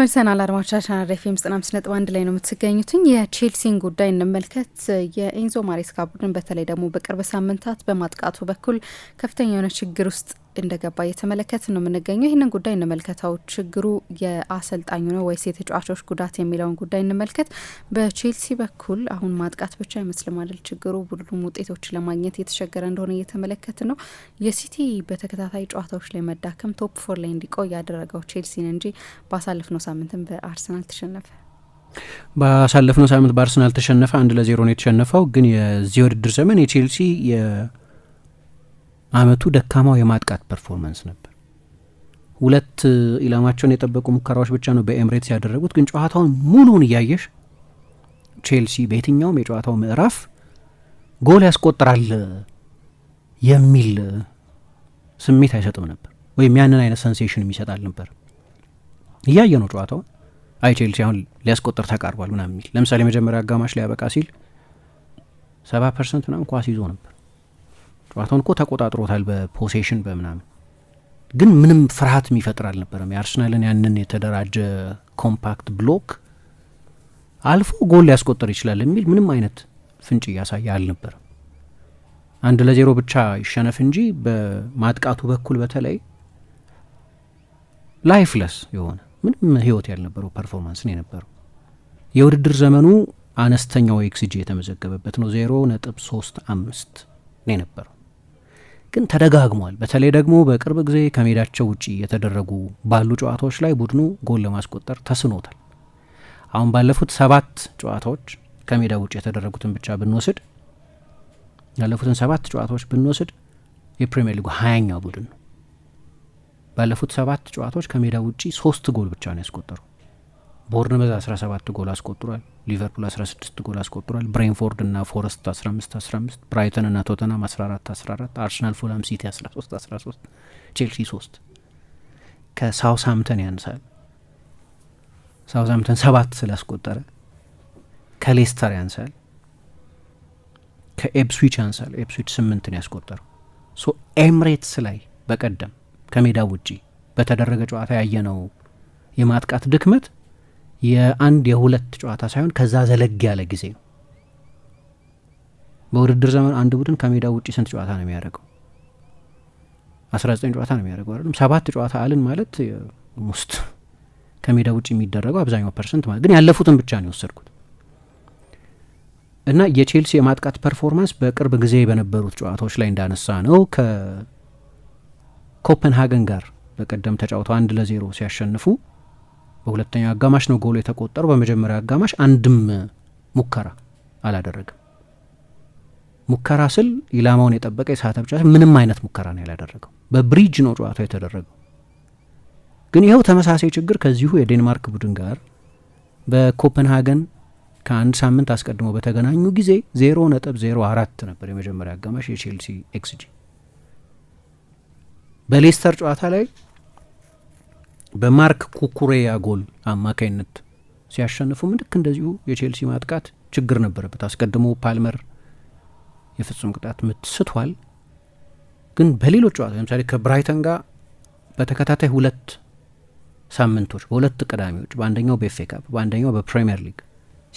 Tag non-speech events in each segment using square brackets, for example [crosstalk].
ተመልሰናል አድማጮቻችን፣ አራዳ ኤፍ ኤም ዘጠና አምስት ነጥብ አንድ ላይ ነው የምትገኙትኝ። የቼልሲን ጉዳይ እንመልከት። የኤንዞ ማሬስካ ቡድን በተለይ ደግሞ በቅርብ ሳምንታት በማጥቃቱ በኩል ከፍተኛ የሆነ ችግር ውስጥ እንደገባ እየተመለከት ነው የምንገኘው። ይህንን ጉዳይ እንመልከተው። ችግሩ የአሰልጣኙ ነው ወይስ የተጫዋቾች ጉዳት የሚለውን ጉዳይ እንመልከት። በቼልሲ በኩል አሁን ማጥቃት ብቻ አይመስልም አይደል ችግሩ፣ ቡድኑም ውጤቶች ለማግኘት የተሸገረ እንደሆነ እየተመለከት ነው። የሲቲ በተከታታይ ጨዋታዎች ላይ መዳከም ቶፕ ፎር ላይ እንዲቆይ ያደረገው ቼልሲን እንጂ ባሳለፍነው ሳምንትም በአርሰናል ተሸነፈ። ባሳለፍነው ሳምንት በአርሰናል ተሸነፈ። አንድ ለዜሮ ነው የተሸነፈው። ግን የዚህ ውድድር ዘመን የቼልሲ አመቱ ደካማው የማጥቃት ፐርፎርማንስ ነበር። ሁለት ኢላማቸውን የጠበቁ ሙከራዎች ብቻ ነው በኤምሬትስ ያደረጉት። ግን ጨዋታውን ሙሉውን እያየሽ ቼልሲ በየትኛውም የጨዋታው ምዕራፍ ጎል ያስቆጥራል የሚል ስሜት አይሰጥም ነበር፣ ወይም ያንን አይነት ሰንሴሽን የሚሰጣል ነበር። እያየ ነው ጨዋታውን አይ ቼልሲ አሁን ሊያስቆጥር ተቃርቧል ምናምን የሚል ለምሳሌ መጀመሪያ አጋማሽ ሊያበቃ ሲል ሰባ ፐርሰንት ምናምን ኳስ ይዞ ነበር። ጨዋታውን እኮ ተቆጣጥሮታል በፖሴሽን በምናምን ግን ምንም ፍርሃት የሚፈጥር አልነበረም። የአርሰናልን ያንን የተደራጀ ኮምፓክት ብሎክ አልፎ ጎል ሊያስቆጠር ይችላል የሚል ምንም አይነት ፍንጭ እያሳየ አልነበረም። አንድ ለዜሮ ብቻ ይሸነፍ እንጂ በማጥቃቱ በኩል በተለይ ላይፍለስ የሆነ ምንም ህይወት ያልነበረው ፐርፎርማንስ ነው የነበረው። የውድድር ዘመኑ አነስተኛው ኤክስጂ የተመዘገበበት ነው፣ ዜሮ ነጥብ ሶስት አምስት ነው የነበረው። ግን ተደጋግሟል። በተለይ ደግሞ በቅርብ ጊዜ ከሜዳቸው ውጭ የተደረጉ ባሉ ጨዋታዎች ላይ ቡድኑ ጎል ለማስቆጠር ተስኖታል። አሁን ባለፉት ሰባት ጨዋታዎች ከሜዳ ውጭ የተደረጉትን ብቻ ብንወስድ ያለፉትን ሰባት ጨዋታዎች ብንወስድ የፕሪምየር ሊጉ ሀያኛው ቡድን ነው። ባለፉት ሰባት ጨዋታዎች ከሜዳ ውጪ ሶስት ጎል ብቻ ነው ያስቆጠሩ። ቦርንመዝ 17 ጎል አስቆጥሯል። ሊቨርፑል 16 ጎል አስቆጥሯል። ብሬንፎርድ እና ፎረስት 15 15፣ ብራይተን እና ቶተናም 14 14፣ አርሰናል ፉላም ሲቲ 13 13፣ ቼልሲ 3 ከሳውሳምተን ያንሳል። ሳውሳምተን 7 ስላስቆጠረ ከሌስተር ያንሳል። ከኤፕስዊች ያንሳል። ኤፕስዊች ስምንትን ያስቆጠረው ሶ ኤምሬትስ ላይ በቀደም ከሜዳ ውጪ በተደረገ ጨዋታ ያየነው የማጥቃት ድክመት የአንድ የሁለት ጨዋታ ሳይሆን ከዛ ዘለግ ያለ ጊዜ ነው። በውድድር ዘመን አንድ ቡድን ከሜዳ ውጭ ስንት ጨዋታ ነው የሚያደርገው? አስራ ዘጠኝ ጨዋታ ነው የሚያደርገው አይደለም። ሰባት ጨዋታ አልን ማለት ውስጥ ከሜዳ ውጭ የሚደረገው አብዛኛው ፐርሰንት ማለት ግን ያለፉትን ብቻ ነው የወሰድኩት እና የቼልሲ የማጥቃት ፐርፎርማንስ በቅርብ ጊዜ በነበሩት ጨዋታዎች ላይ እንዳነሳ ነው ከኮፐንሃገን ጋር በቀደም ተጫውተው አንድ ለዜሮ ሲያሸንፉ በሁለተኛው አጋማሽ ነው ጎል የተቆጠረው። በመጀመሪያው አጋማሽ አንድም ሙከራ አላደረግም። ሙከራ ስል ኢላማውን የጠበቀ የሰዓት ብቻ ምንም አይነት ሙከራ ነው ያላደረገው። በብሪጅ ነው ጨዋታው የተደረገው። ግን ይኸው ተመሳሳይ ችግር ከዚሁ የዴንማርክ ቡድን ጋር በኮፐንሃገን ከአንድ ሳምንት አስቀድሞ በተገናኙ ጊዜ ነ04 ነበር የመጀመሪያ አጋማሽ የቼልሲ ኤክስጂ። በሌስተር ጨዋታ ላይ በማርክ ኩኩሬያ ጎል አማካይነት ሲያሸንፉም ልክ እንደዚሁ የቼልሲ ማጥቃት ችግር ነበረበት። አስቀድሞ ፓልመር የፍጹም ቅጣት ምት ስቷል። ግን በሌሎች ጨዋታ ለምሳሌ ከብራይተን ጋር በተከታታይ ሁለት ሳምንቶች በሁለት ቅዳሜዎች በአንደኛው በኤፍኤ ካፕ በአንደኛው በፕሪምየር ሊግ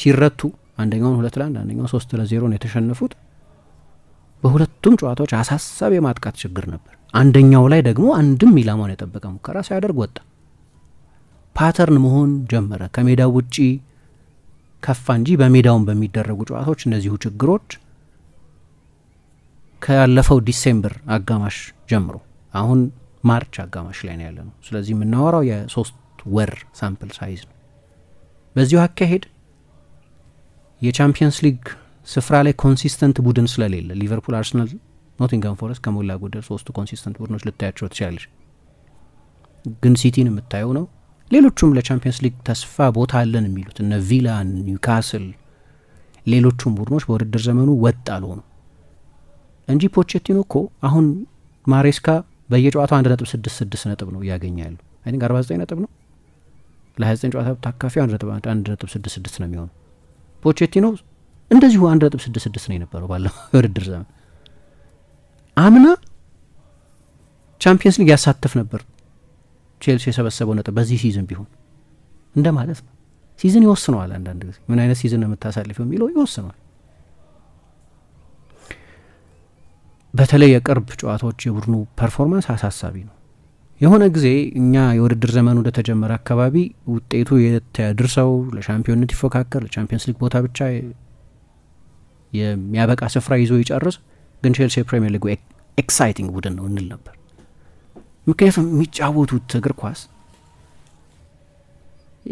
ሲረቱ አንደኛውን ሁለት ለአንድ አንደኛው ሶስት ለዜሮ ነው የተሸነፉት። በሁለቱም ጨዋታዎች አሳሳቢ የማጥቃት ችግር ነበር። አንደኛው ላይ ደግሞ አንድም ኢላማውን የጠበቀ ሙከራ ሳያደርግ ወጣ። ፓተርን መሆን ጀመረ። ከሜዳው ውጪ ከፋ እንጂ በሜዳውን በሚደረጉ ጨዋታዎች እነዚሁ ችግሮች ካለፈው ዲሴምበር አጋማሽ ጀምሮ አሁን ማርች አጋማሽ ላይ ነው ያለ ነው። ስለዚህ የምናወራው የሶስት ወር ሳምፕል ሳይዝ ነው። በዚሁ አካሄድ የቻምፒየንስ ሊግ ስፍራ ላይ ኮንሲስተንት ቡድን ስለሌለ ሊቨርፑል፣ አርሰናል፣ ኖቲንጋም ፎረስት ከሞላ ጎደል ሶስቱ ኮንሲስተንት ቡድኖች ልታያቸው ትችላለች። ግን ሲቲን የምታየው ነው ሌሎቹም ለቻምፒየንስ ሊግ ተስፋ ቦታ አለን የሚሉት እነ ቪላ ኒውካስል፣ ሌሎቹም ቡድኖች በውድድር ዘመኑ ወጥ አልሆኑ እንጂ ፖቼቲኖ እኮ አሁን ማሬስካ በየጨዋታው አንድ ነጥብ ስድስት ስድስት ነጥብ ነው እያገኘ ያሉ አይ ቲንክ አርባ ዘጠኝ ነጥብ ነው ለሀያ ዘጠኝ ጨዋታ ታካፊ አንድ ነጥብ ስድስት ስድስት ነው የሚሆኑ ፖቼቲኖ እንደዚሁ አንድ ነጥብ ስድስት ስድስት ነው የነበረው ባለፈው [laughs] የውድድር ዘመን። አምና ቻምፒየንስ ሊግ ያሳተፍ ነበር ቼልሲ የሰበሰበው ነጥብ በዚህ ሲዝን ቢሆን እንደ ማለት ነው። ሲዝን ይወስነዋል። አንዳንድ ጊዜ ምን አይነት ሲዝን ነው የምታሳልፈው የሚለው ይወስነዋል። በተለይ የቅርብ ጨዋታዎች የቡድኑ ፐርፎርማንስ አሳሳቢ ነው። የሆነ ጊዜ እኛ የውድድር ዘመኑ እንደተጀመረ አካባቢ ውጤቱ የተድርሰው ለሻምፒዮንነት ይፎካከር ለቻምፒየንስ ሊግ ቦታ ብቻ የሚያበቃ ስፍራ ይዞ ይጨርስ፣ ግን ቼልሲ የፕሪሚየር ሊጉ ኤክሳይቲንግ ቡድን ነው እንል ነበር። ምክንያቱም የሚጫወቱት እግር ኳስ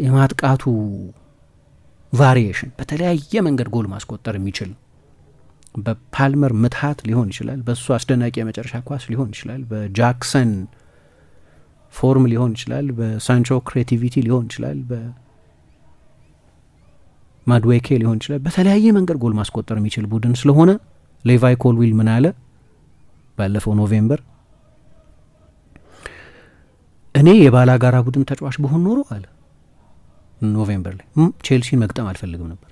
የማጥቃቱ ቫሪዬሽን በተለያየ መንገድ ጎል ማስቆጠር የሚችል በፓልመር ምትሀት ሊሆን ይችላል፣ በእሱ አስደናቂ የመጨረሻ ኳስ ሊሆን ይችላል፣ በጃክሰን ፎርም ሊሆን ይችላል፣ በሳንቾ ክሬቲቪቲ ሊሆን ይችላል፣ በማድዌኬ ሊሆን ይችላል። በተለያየ መንገድ ጎል ማስቆጠር የሚችል ቡድን ስለሆነ ሌቫይ ኮልዊል ምን አለ ባለፈው ኖቬምበር እኔ የባላጋራ ቡድን ተጫዋች በሆን ኖሮ አለ ኖቬምበር ላይ ቼልሲን መግጠም አልፈልግም ነበር።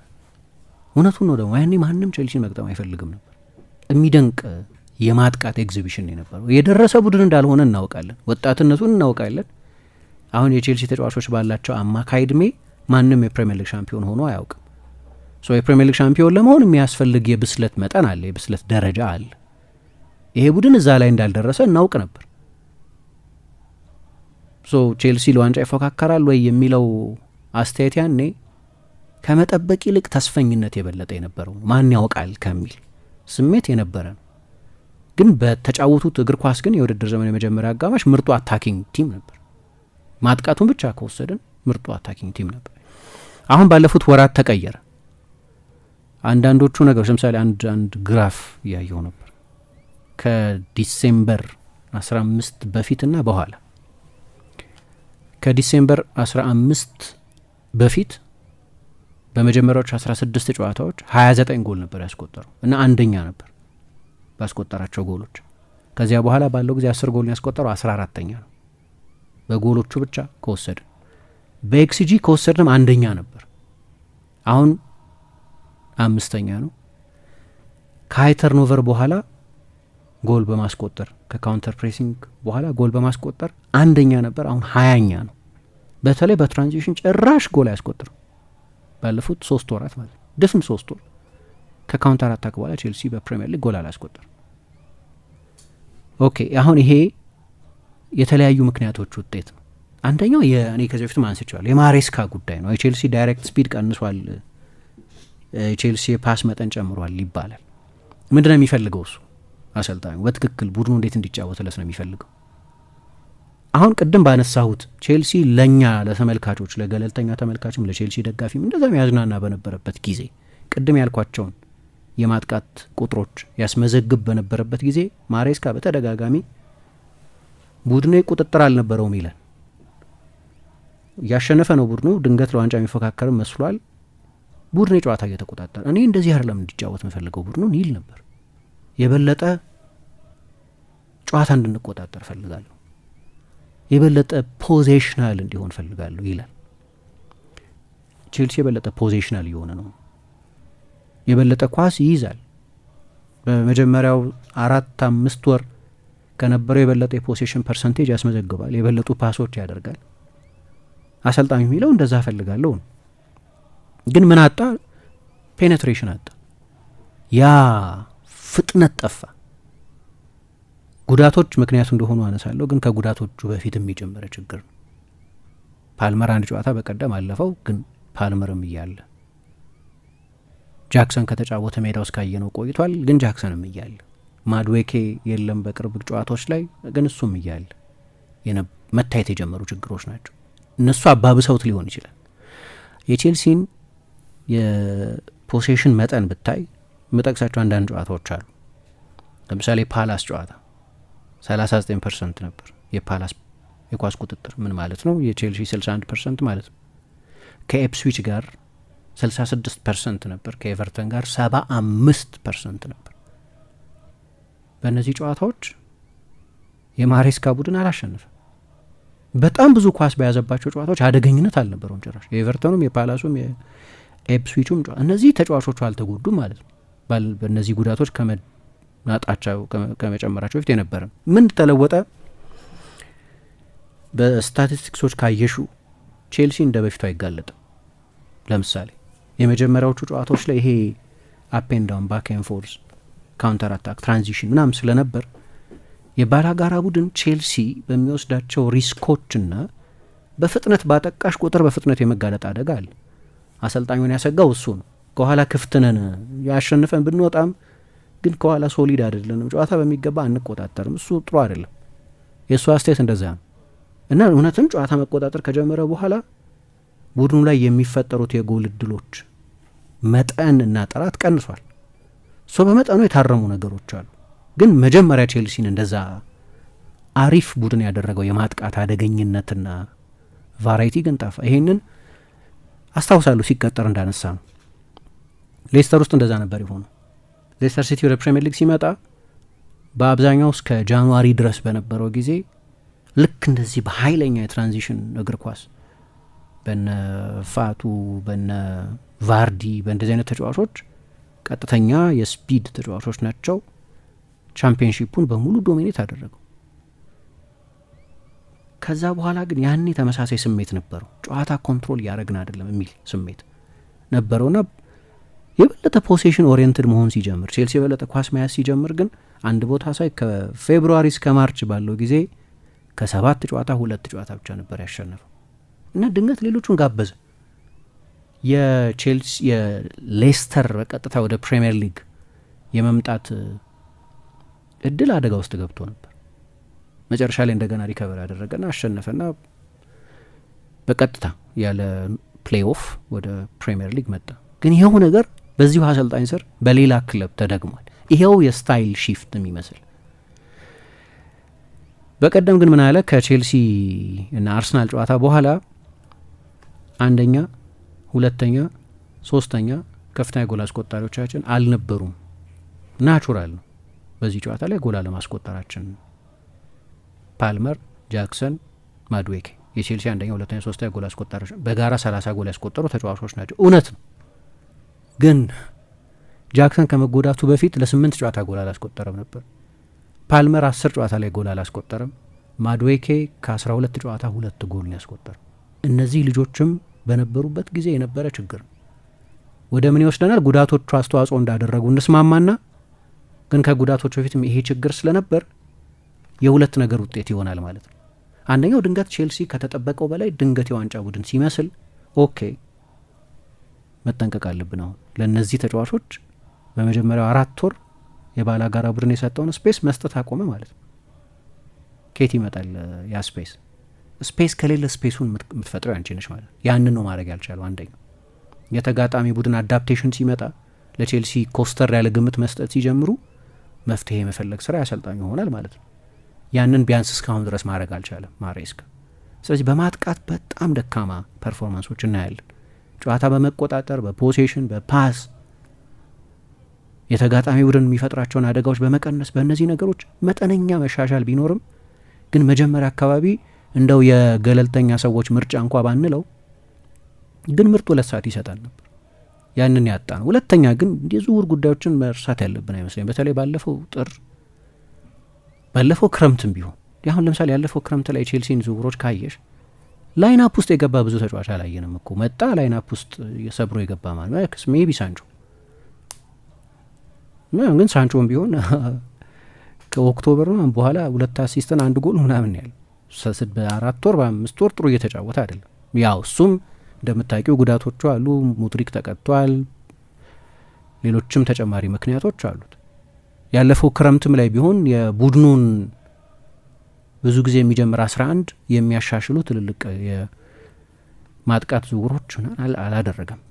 እውነቱን ነው ደግሞ ያኔ ማንም ቼልሲን መግጠም አይፈልግም ነበር። የሚደንቅ የማጥቃት ኤግዚቢሽን የነበረው የደረሰ ቡድን እንዳልሆነ እናውቃለን፣ ወጣትነቱን እናውቃለን። አሁን የቼልሲ ተጫዋቾች ባላቸው አማካይ እድሜ ማንም የፕሪምየር ሊግ ሻምፒዮን ሆኖ አያውቅም። ሶ የፕሪሚየር ሊግ ሻምፒዮን ለመሆን የሚያስፈልግ የብስለት መጠን አለ፣ የብስለት ደረጃ አለ። ይሄ ቡድን እዛ ላይ እንዳልደረሰ እናውቅ ነበር። ቼልሲ ለዋንጫ ይፎካከራል ወይ የሚለው አስተያየት ያኔ ከመጠበቅ ይልቅ ተስፈኝነት የበለጠ የነበረው ማን ያውቃል ከሚል ስሜት የነበረ ነው። ግን በተጫወቱት እግር ኳስ ግን የውድድር ዘመን የመጀመሪያ አጋማሽ ምርጡ አታኪንግ ቲም ነበር። ማጥቃቱን ብቻ ከወሰድን ምርጡ አታኪንግ ቲም ነበር። አሁን ባለፉት ወራት ተቀየረ። አንዳንዶቹ ነገሮች ለምሳሌ አንድ አንድ ግራፍ እያየው ነበር ከዲሴምበር 15 በፊትና በኋላ ከዲሴምበር 15 በፊት በመጀመሪያዎች 16 ጨዋታዎች 29 ጎል ነበር ያስቆጠረው እና አንደኛ ነበር ባስቆጠራቸው ጎሎች። ከዚያ በኋላ ባለው ጊዜ 10 ጎል ያስቆጠረው 14ተኛ ነው በጎሎቹ ብቻ ከወሰድን። በኤክስጂ ከወሰድንም አንደኛ ነበር፣ አሁን አምስተኛ ነው። ከሀይ ተርኖቨር በኋላ ጎል በማስቆጠር ከካውንተር ፕሬሲንግ በኋላ ጎል በማስቆጠር አንደኛ ነበር፣ አሁን ሀያኛ ነው። በተለይ በትራንዚሽን ጭራሽ ጎል አያስቆጥርም። ባለፉት ሶስት ወራት ማለት ነው፣ ድፍን ሶስት ወር ከካውንተር አታክ በኋላ ቼልሲ በፕሪምየር ሊግ ጎል አላስቆጠርም። ኦኬ አሁን ይሄ የተለያዩ ምክንያቶች ውጤት ነው። አንደኛው የእኔ ከዚህ በፊት አንስቼዋለሁ የማሬስካ ጉዳይ ነው። የቼልሲ ዳይሬክት ስፒድ ቀንሷል፣ የቼልሲ የፓስ መጠን ጨምሯል ይባላል። ምንድነው የሚፈልገው እሱ አሰልጣኙ በትክክል ቡድኑ እንዴት እንዲጫወትለት ነው የሚፈልገው። አሁን ቅድም ባነሳሁት ቼልሲ ለእኛ ለተመልካቾች ለገለልተኛ ተመልካችም ለቼልሲ ደጋፊም እንደዛም ያዝናና በነበረበት ጊዜ ቅድም ያልኳቸውን የማጥቃት ቁጥሮች ያስመዘግብ በነበረበት ጊዜ ማሬስካ በተደጋጋሚ ቡድኔ ቁጥጥር አልነበረውም ይለን ያሸነፈ ነው ቡድኑ ድንገት ለዋንጫ የሚፎካከርም መስሏል ቡድኔ ጨዋታ እየተቆጣጠረ እኔ እንደዚህ አይደለም እንዲጫወት የምፈልገው ቡድኑን ይል ነበር የበለጠ ጨዋታ እንድንቆጣጠር ፈልጋለሁ፣ የበለጠ ፖዜሽናል እንዲሆን ፈልጋለሁ ይላል። ቼልሲ የበለጠ ፖዜሽናል እየሆነ ነው፣ የበለጠ ኳስ ይይዛል። በመጀመሪያው አራት አምስት ወር ከነበረው የበለጠ የፖሴሽን ፐርሰንቴጅ ያስመዘግባል፣ የበለጡ ፓሶች ያደርጋል። አሰልጣኙ የሚለው እንደዛ ፈልጋለሁ ነው። ግን ምን አጣ? ፔኔትሬሽን አጣ ያ ፍጥነት ጠፋ። ጉዳቶች ምክንያቱ እንደሆኑ አነሳለሁ፣ ግን ከጉዳቶቹ በፊት የጀመረ ችግር ነው። ፓልመር አንድ ጨዋታ በቀደም አለፈው፣ ግን ፓልመርም እያለ ጃክሰን ከተጫወተ ሜዳ ውስጥ ካየነው ቆይቷል፣ ግን ጃክሰንም እያለ ማድዌኬ የለም በቅርብ ጨዋታዎች ላይ ግን እሱም እያለ መታየት የጀመሩ ችግሮች ናቸው። እነሱ አባብሰውት ሊሆን ይችላል። የቼልሲን የፖሴሽን መጠን ብታይ የምጠቅሳቸው አንዳንድ ጨዋታዎች አሉ። ለምሳሌ ፓላስ ጨዋታ 39 ፐርሰንት ነበር የፓላስ የኳስ ቁጥጥር ምን ማለት ነው? የቼልሲ 61 ፐርሰንት ማለት ነው። ከኤፕስዊች ጋር 66 ፐርሰንት ነበር። ከኤቨርተን ጋር 75 ፐርሰንት ነበር። በእነዚህ ጨዋታዎች የማሬስካ ቡድን አላሸነፈ። በጣም ብዙ ኳስ በያዘባቸው ጨዋታዎች አደገኝነት አልነበረውም ጭራሽ። የኤቨርተኑም የፓላሱም የኤፕስዊቹም እነዚህ ተጫዋቾቹ አልተጎዱም ማለት ነው። በእነዚህ ጉዳቶች ከመናጣቸው ከመጨመራቸው በፊት የነበረ ምን ተለወጠ? በስታቲስቲክሶች ካየሹ ቼልሲ እንደ በፊቱ አይጋለጥም። ለምሳሌ የመጀመሪያዎቹ ጨዋታዎች ላይ ይሄ አፔን ዳውን፣ ባክ ፎርስ፣ ካውንተር አታክ፣ ትራንዚሽን ምናምን ስለነበር የባላጋራ ቡድን ቼልሲ በሚወስዳቸው ሪስኮችና በፍጥነት ባጠቃሽ ቁጥር በፍጥነት የመጋለጥ አደጋ አለ። አሰልጣኙን ያሰጋው እሱ ነው። ከኋላ ክፍትነን ያሸንፈን ብንወጣም ግን ከኋላ ሶሊድ አይደለንም፣ ጨዋታ በሚገባ አንቆጣጠርም። እሱ ጥሩ አይደለም። የእሱ አስተያየት እንደዛ ነው እና እውነትም ጨዋታ መቆጣጠር ከጀመረ በኋላ ቡድኑ ላይ የሚፈጠሩት የጎል እድሎች መጠን እና ጥራት ቀንሷል። ሶ በመጠኑ የታረሙ ነገሮች አሉ። ግን መጀመሪያ ቼልሲን እንደዛ አሪፍ ቡድን ያደረገው የማጥቃት አደገኝነትና ቫራይቲ ግን ጠፋ። ይሄንን አስታውሳለሁ ሲቀጠር እንዳነሳ ነው። ሌስተር ውስጥ እንደዛ ነበር የሆነው። ሌስተር ሲቲ ወደ ፕሪምየር ሊግ ሲመጣ በአብዛኛው እስከ ጃንዋሪ ድረስ በነበረው ጊዜ ልክ እንደዚህ በኃይለኛ የትራንዚሽን እግር ኳስ በነ ፋቱ በነ ቫርዲ በእንደዚህ አይነት ተጫዋቾች ቀጥተኛ የስፒድ ተጫዋቾች ናቸው። ቻምፒየንሺፑን በሙሉ ዶሚኔት አደረገው። ከዛ በኋላ ግን ያኔ ተመሳሳይ ስሜት ነበረው። ጨዋታ ኮንትሮል እያደረግን አይደለም የሚል ስሜት ነበረውና የበለጠ ፖሴሽን ኦሪየንትድ መሆን ሲጀምር ቼልሲ የበለጠ ኳስ መያዝ ሲጀምር ግን አንድ ቦታ ሳይ ከፌብሩዋሪ እስከ ማርች ባለው ጊዜ ከሰባት ጨዋታ ሁለት ጨዋታ ብቻ ነበር ያሸነፈው እና ድንገት ሌሎቹን ጋበዘ። የቼልሲ የሌስተር በቀጥታ ወደ ፕሪምየር ሊግ የመምጣት እድል አደጋ ውስጥ ገብቶ ነበር። መጨረሻ ላይ እንደገና ሪከቨር ያደረገና አሸነፈና በቀጥታ ያለ ፕሌይ ኦፍ ወደ ፕሪምየር ሊግ መጣ። ግን ይኸው ነገር በዚሁ አሰልጣኝ ስር በሌላ ክለብ ተደግሟል። ይሄው የስታይል ሺፍት የሚመስል በቀደም ግን ምን አለ ከቼልሲ እና አርሰናል ጨዋታ በኋላ አንደኛ፣ ሁለተኛ፣ ሶስተኛ ከፍተኛ ጎል አስቆጣሪዎቻችን አልነበሩም። ናቹራል ነው በዚህ ጨዋታ ላይ ጎል አለማስቆጠራችን። ፓልመር፣ ጃክሰን፣ ማድዌኬ የቼልሲ አንደኛ፣ ሁለተኛ፣ ሶስተኛ ጎል አስቆጣሪዎች በጋራ ሰላሳ ጎል ያስቆጠሩ ተጫዋቾች ናቸው። እውነት ነው። ግን ጃክሰን ከመጎዳቱ በፊት ለስምንት ጨዋታ ጎል አላስቆጠረም ነበር። ፓልመር አስር ጨዋታ ላይ ጎል አላስቆጠረም። ማድዌኬ ከአስራ ሁለት ጨዋታ ሁለት ጎል ነው ያስቆጠረው። እነዚህ ልጆችም በነበሩበት ጊዜ የነበረ ችግር ነው። ወደ ምን ይወስደናል? ጉዳቶቹ አስተዋጽኦ እንዳደረጉ እንስማማና ግን ከጉዳቶች በፊትም ይሄ ችግር ስለነበር የሁለት ነገር ውጤት ይሆናል ማለት ነው። አንደኛው ድንገት ቼልሲ ከተጠበቀው በላይ ድንገት የዋንጫ ቡድን ሲመስል ኦኬ መጠንቀቅ አለብን። አሁን ለእነዚህ ተጫዋቾች በመጀመሪያው አራት ወር የባላጋራ ቡድን የሰጠውን ስፔስ መስጠት አቆመ ማለት ነው። ኬት ይመጣል ያ ስፔስ ስፔስ ከሌለ ስፔሱን የምትፈጥረው ያንቺ ነች ማለት ነው። ያንን ነው ማድረግ ያልቻለው አንደኛው። የተጋጣሚ ቡድን አዳፕቴሽን ሲመጣ ለቼልሲ ኮስተር ያለ ግምት መስጠት ሲጀምሩ መፍትሄ የመፈለግ ስራ ያሰልጣኙ ይሆናል ማለት ነው። ያንን ቢያንስ እስካሁን ድረስ ማድረግ አልቻለም ማሬስካ። ስለዚህ በማጥቃት በጣም ደካማ ፐርፎርማንሶች እናያለን። ጨዋታ በመቆጣጠር በፖሴሽን በፓስ የተጋጣሚ ቡድን የሚፈጥራቸውን አደጋዎች በመቀነስ በእነዚህ ነገሮች መጠነኛ መሻሻል ቢኖርም ግን መጀመሪያ አካባቢ እንደው የገለልተኛ ሰዎች ምርጫ እንኳ ባንለው ግን ምርጥ ሁለት ሰዓት ይሰጣል ነበር። ያንን ያጣ ነው። ሁለተኛ ግን የዝውውር ጉዳዮችን መርሳት ያለብን አይመስለኝ። በተለይ ባለፈው ጥር ባለፈው ክረምትም ቢሆን አሁን ለምሳሌ ያለፈው ክረምት ላይ ቼልሲን ዝውውሮች ካየሽ ላይናፕ ውስጥ የገባ ብዙ ተጫዋች አላየንም እኮ መጣ ላይናፕ ውስጥ ሰብሮ የገባ ማለት ሜቢ ሳንቾ ግን ሳንቾም ቢሆን [laughs] ከኦክቶበር በኋላ ሁለት አሲስትን አንድ ጎል ምናምን ያለ በአራት ወር በአምስት ወር ጥሩ እየተጫወተ አይደለም። ያው እሱም እንደምታውቂው ጉዳቶቹ አሉ። ሙድሪክ ተቀጥቷል፣ ሌሎችም ተጨማሪ ምክንያቶች አሉት። ያለፈው ክረምትም ላይ ቢሆን የቡድኑን ብዙ ጊዜ የሚጀምር አስራ አንድ የሚያሻሽሉ ትልልቅ የማጥቃት ዝውውሮች አላደረገም።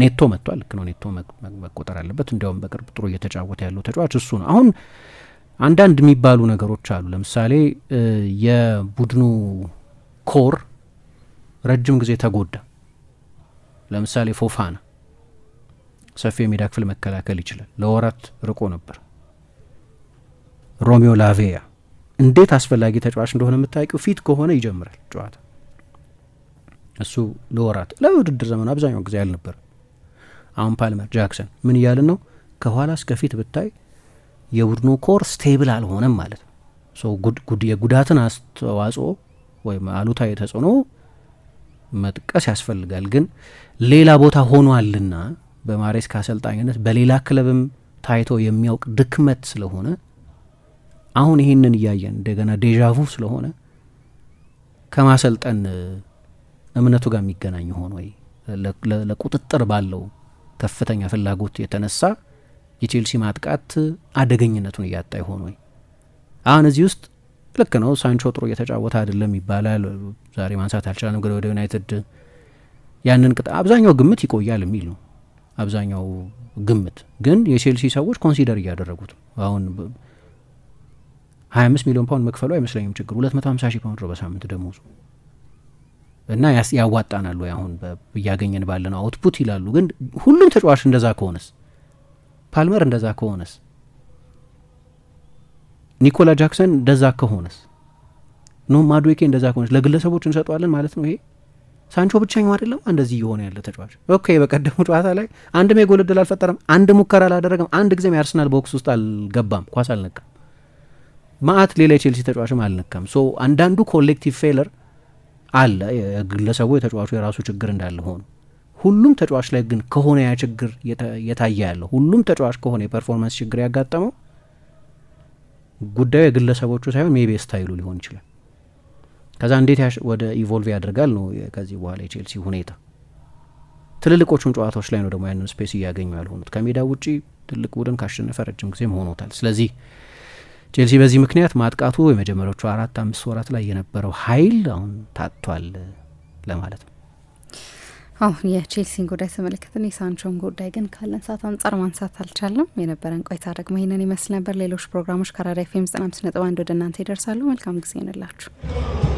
ኔቶ መጥቷል። ልክ ነው፣ ኔቶ መቆጠር አለበት። እንዲያውም በቅርብ ጥሩ እየተጫወተ ያለው ተጫዋች እሱ ነው። አሁን አንዳንድ የሚባሉ ነገሮች አሉ። ለምሳሌ የቡድኑ ኮር ረጅም ጊዜ ተጎዳ። ለምሳሌ ፎፋና ሰፊ የሜዳ ክፍል መከላከል ይችላል። ለወራት ርቆ ነበር። ሮሚዮ ላቬያ እንዴት አስፈላጊ ተጫዋች እንደሆነ የምታውቂው ፊት ከሆነ ይጀምራል ጨዋታ። እሱ ለወራት ለውድድር ዘመኑ አብዛኛው ጊዜ አልነበር። አሁን ፓልመር፣ ጃክሰን ምን እያልን ነው? ከኋላ እስከ ፊት ብታይ የቡድኑ ኮር ስቴብል አልሆነም ማለት ነው። የጉዳትን አስተዋጽኦ ወይም አሉታዊ ተጽዕኖ መጥቀስ ያስፈልጋል። ግን ሌላ ቦታ ሆኗልና በማሬስካ አሰልጣኝነት በሌላ ክለብም ታይቶ የሚያውቅ ድክመት ስለሆነ አሁን ይሄንን እያየን እንደገና ዴዣvu ስለሆነ ከማሰልጠን እምነቱ ጋር የሚገናኝ ሆን ወይ ለቁጥጥር ባለው ከፍተኛ ፍላጎት የተነሳ የቼልሲ ማጥቃት አደገኝነቱን እያጣ ይሆን ወይ? አሁን እዚህ ውስጥ ልክ ነው፣ ሳንቾ ጥሩ እየተጫወተ አይደለም ይባላል። ዛሬ ማንሳት አልቻለም፣ ግን ወደ ዩናይትድ ያንን ቅጣ አብዛኛው ግምት ይቆያል የሚል ነው። አብዛኛው ግምት ግን የቼልሲ ሰዎች ኮንሲደር እያደረጉት አሁን 25 ሚሊዮን ፓውንድ መክፈሉ አይመስለኝም ችግር 250 ሺህ ፓውንድ በሳምንት ደሞዙ እና ያዋጣናል ወይ አሁን እያገኘን ባለነው አውትፑት ይላሉ። ግን ሁሉም ተጫዋች እንደዛ ከሆነስ ፓልመር እንደዛ ከሆነስ ኒኮላ ጃክሰን እንደዛ ከሆነስ ኖ ማዱዌኬ እንደዛ ከሆነስ ለግለሰቦች እንሰጠዋለን ማለት ነው። ይሄ ሳንቾ ብቸኛው አይደለም እንደዚህ እየሆነ ያለ ተጫዋች። ኦኬ በቀደሙ ጨዋታ ላይ አንድም የጎል ዕድል አልፈጠረም፣ አንድ ሙከራ አላደረገም፣ አንድ ጊዜም የአርሰናል ቦክስ ውስጥ አልገባም፣ ኳስ አልነካም። ማአት ሌላ የቼልሲ ተጫዋችም አልነካም። ሶ አንዳንዱ ኮሌክቲቭ ፌለር አለ፣ ግለሰቡ የተጫዋቹ የራሱ ችግር እንዳለ ሆኖ ሁሉም ተጫዋች ላይ ግን ከሆነ ያ ችግር የታየ ያለው ሁሉም ተጫዋች ከሆነ የፐርፎርማንስ ችግር ያጋጠመው ጉዳዩ የግለሰቦቹ ሳይሆን ሜቢ ስታይሉ ሊሆን ይችላል። ከዛ እንዴት ወደ ኢቮልቭ ያደርጋል ነው ከዚህ በኋላ የቼልሲ ሁኔታ። ትልልቆቹም ጨዋታዎች ላይ ነው ደግሞ ያንን ስፔስ እያገኙ ያልሆኑት። ከሜዳ ውጪ ትልቅ ቡድን ካሸነፈ ረጅም ጊዜም ሆኖታል። ስለዚህ ቼልሲ በዚህ ምክንያት ማጥቃቱ የመጀመሪያዎቹ አራት አምስት ወራት ላይ የነበረው ኃይል አሁን ታጥቷል ለማለት ነው። አዎ የቼልሲን ጉዳይ ተመለከትን። የሳንቾን ጉዳይ ግን ካለን ሰዓት አንጻር ማንሳት አልቻለም። የነበረን ቆይታ ደግሞ ይህንን ይመስል ነበር። ሌሎች ፕሮግራሞች ከአራዳ ኤፍ ኤም ዘጠና አምስት ነጥብ አንድ ወደ እናንተ ይደርሳሉ። መልካም ጊዜ እንላችሁ።